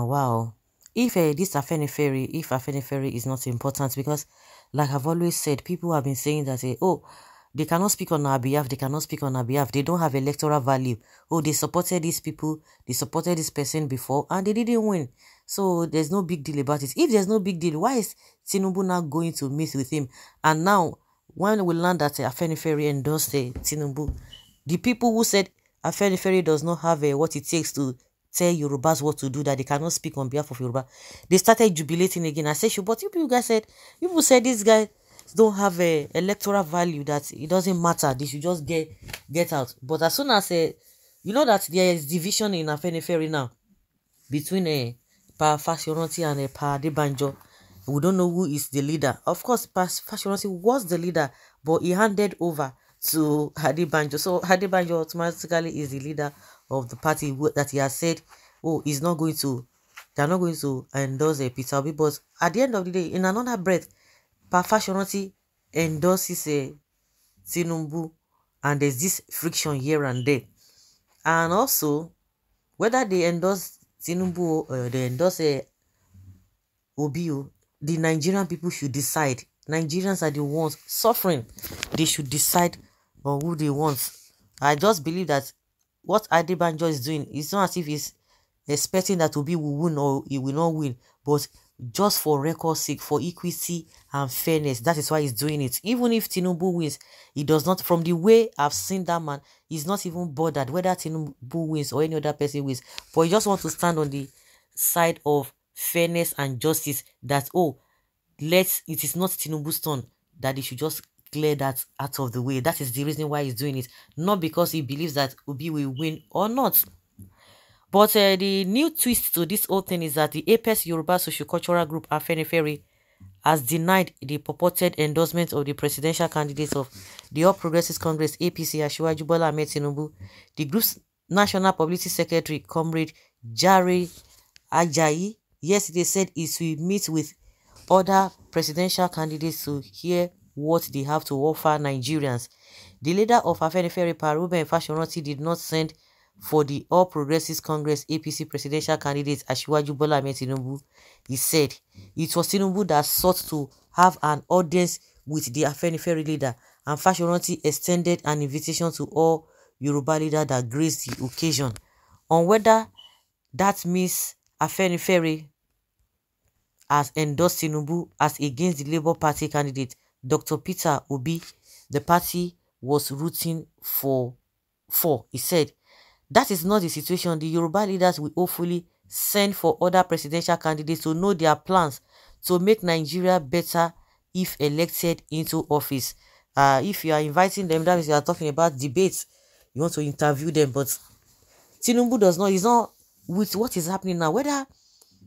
Oh, wow, if uh, this Ferry, if Ferry is not important, because like I've always said, people have been saying that, uh, oh, they cannot speak on our behalf, they cannot speak on our behalf, they don't have electoral value. Oh, they supported these people, they supported this person before, and they didn't win. So there's no big deal about it. If there's no big deal, why is Tinubu now going to meet with him? And now, when we learn that uh, eh, Ferry endorsed uh, Tinubu, the people who said Ferry does not have uh, what it takes to tell Yorubas what to do, that they cannot speak on behalf of Yoruba. They started jubilating again. I said, but you, guys said, people said this guy don't have a electoral value, that it doesn't matter. They should just get get out. But as soon as, uh, you know that there is division in Afenifere now between a uh, eh, Pa Fashionati and a uh, eh, Pa We don't know who is the leader. Of course, Pa Fashionati was the leader, but he handed over to Hadi Banjo. So Hadi Banjo automatically is the leader of the party that he has said, oh, he's not going to, they're not going to endorse a Peter Obi. But at the end of the day, in another breath, Perfashionati endorses a eh, Tinumbu, and there's this friction here and there. And also, whether they endorse Tinumbu or they endorse a eh, Obio, the Nigerian people should decide. Nigerians are the ones suffering. They should decide on who they want. I just believe that what Adebanjo is doing, it's not as if he's expecting that Obi will win or he will not win, but just for record's sake, for equity and fairness, that is why he's doing it. Even if Tinubu wins, he does not, from the way I've seen that man, he's not even bothered whether Tinubu wins or any other person wins, but he just wants to stand on the side of fairness and justice that, oh, let's, it is not Tinubu's turn, that he should just clear that out of the way. That is the reason why he's doing it. Not because he believes that Obi will win or not. But uh, the new twist to this whole thing is that the Apex Yoruba Sociocultural Group, Afenifere, has denied the purported endorsement of the presidential candidates of the All Progressives Congress, APC, Ashiwaju Bola Ahmed Tinubu, the group's national publicity secretary, Comrade Jare Ajayi, yesterday said he will meet with other presidential candidates to hear what they have to offer Nigerians. The leader of Afenifere Paruben Fashionati did not send for the All Progressives Congress APC presidential candidate Ashiwaju Bola Tinubu. He said it was Tinubu that sought to have an audience with the Afenifere leader and Fashionati extended an invitation to all Yoruba leaders that graced the occasion. On whether that means Afenifere has endorsed Tinubu as against the Labour Party candidate Dr. Peter Obi, the party was rooting for, for, he said. That is not the situation. The Yoruba leaders will hopefully send for other presidential candidates to know their plans to make Nigeria better if elected into office. Uh, if you are inviting them, that means you are talking about debates. You want to interview them, but Tinubu does not. He's not with what is happening now. Whether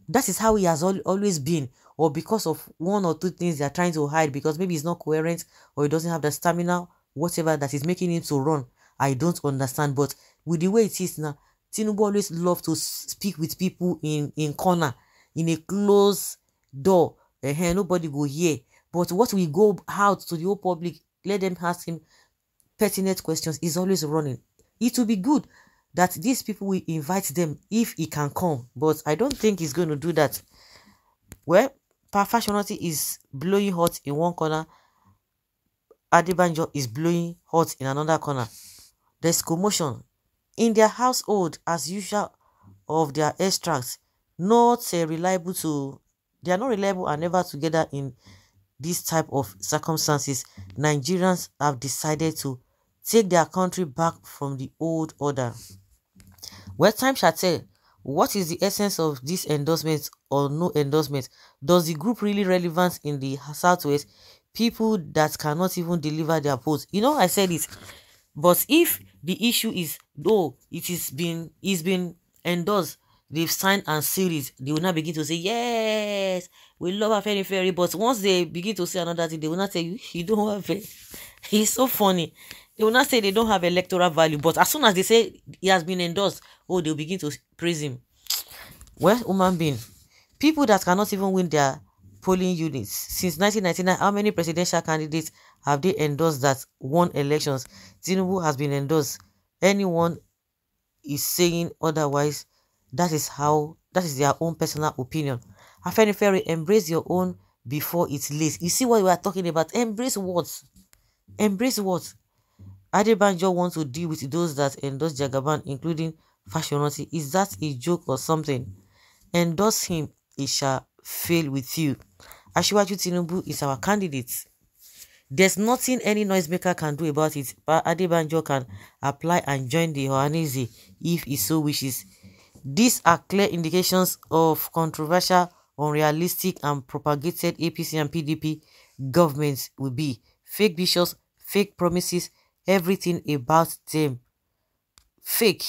that is how he has al always been or because of one or two things they are trying to hide because maybe he's not coherent or he doesn't have the stamina, whatever that is making him to run. I don't understand, but with the way it is now, Tinubu always loves to speak with people in in corner, in a closed door. Uh, nobody go hear. But what we go out to the whole public, let them ask him pertinent questions. He's always running. It will be good that these people will invite them if he can come. But I don't think he's going to do that. Well, Perfectionity is blowing hot in one corner. Adibanjo is blowing hot in another corner. There's commotion in their household as usual of their extracts. Not uh, reliable to, they are not reliable and never together in this type of circumstances. Nigerians have decided to take their country back from the old order. Well, time shall tell what is the essence of this endorsement or no endorsement? Does the group really relevant in the Southwest? People that cannot even deliver their post. You know, I said it. But if the issue is, though, it is been, it's been endorsed, they've signed and series. they will now begin to say, yes, we love our fairy fairy. But once they begin to say another thing, they will not say, you, you don't have it. it's so funny they will not say they don't have electoral value. But as soon as they say he has been endorsed, oh, they'll begin to praise him. Well, human being, people that cannot even win their polling units since 1999, how many presidential candidates have they endorsed that won elections? Tinubu has been endorsed. Anyone is saying otherwise, that is how that is their own personal opinion. Afenifere, embrace your own before it's late. You see what we are talking about? Embrace what? Embrace what? Adebanjo wants to deal with those that endorse Jagaban, including Fashionati. Is that a joke or something? Endorse him, he shall fail with you. Ashiwaju Tinubu is our candidate. There's nothing any noisemaker can do about it, but Adebanjo can apply and join the Ohanizi if he so wishes. These are clear indications of controversial, unrealistic, and propagated APC and PDP governments will be. Fake bishops, fake promises, everything about them fake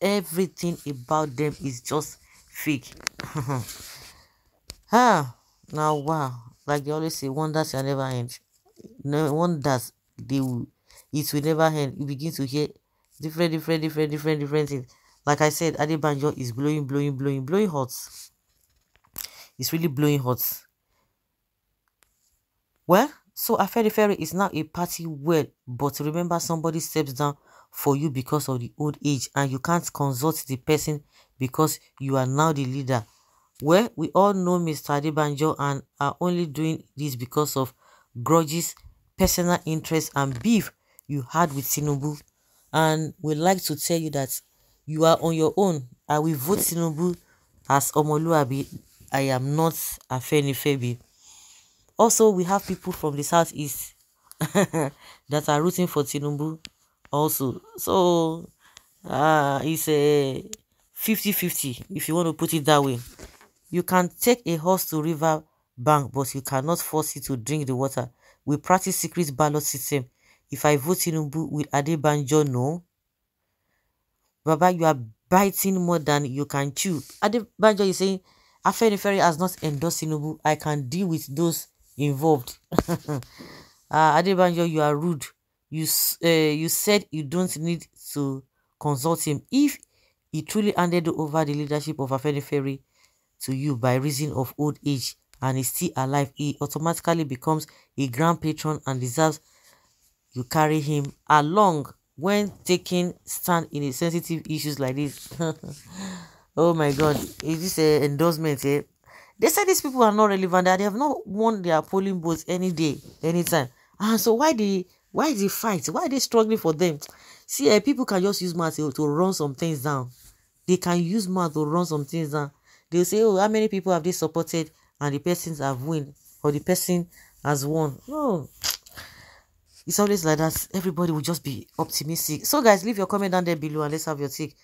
everything about them is just fake ah now wow like they always say wonders shall never end no wonders they will it will never end you begin to hear different different different different different things like i said Banjo is blowing blowing blowing blowing hot it's really blowing hot well so Ferry is now a party well, but remember somebody steps down for you because of the old age and you can't consult the person because you are now the leader. Well, we all know Mr. Adebanjo and are only doing this because of grudges, personal interests and beef you had with Sinubu, And we like to tell you that you are on your own. I will vote Sinubu as Omoluabi. I am not Afenifebe. Also, we have people from the southeast that are rooting for Tinubu also. So, uh, it's a 50-50, if you want to put it that way. You can take a horse to river bank, but you cannot force it to drink the water. We practice secret ballot system. If I vote Tinubu, will Adebanjo no? Baba, you are biting more than you can chew. Adebanjo is saying, Afenifere has not endorsed Tinubu. I can deal with those involved. uh, Adebanjo, you are rude. You uh, you said you don't need to consult him if he truly handed over the leadership of Afeni Ferry to you by reason of old age and is still alive. He automatically becomes a grand patron and deserves you carry him along when taking stand in sensitive issues like this. oh my God! Is this an eh, endorsement? Eh? They said these people are not relevant, that they have not won their polling booths any day, anytime. And so why the why they fight? Why are they struggling for them? See, uh, people can just use math to, to run some things down. They can use math to run some things down. They'll say, oh, how many people have they supported and the persons have won or the person has won. No. It's always like that. Everybody will just be optimistic. So guys, leave your comment down there below and let's have your take.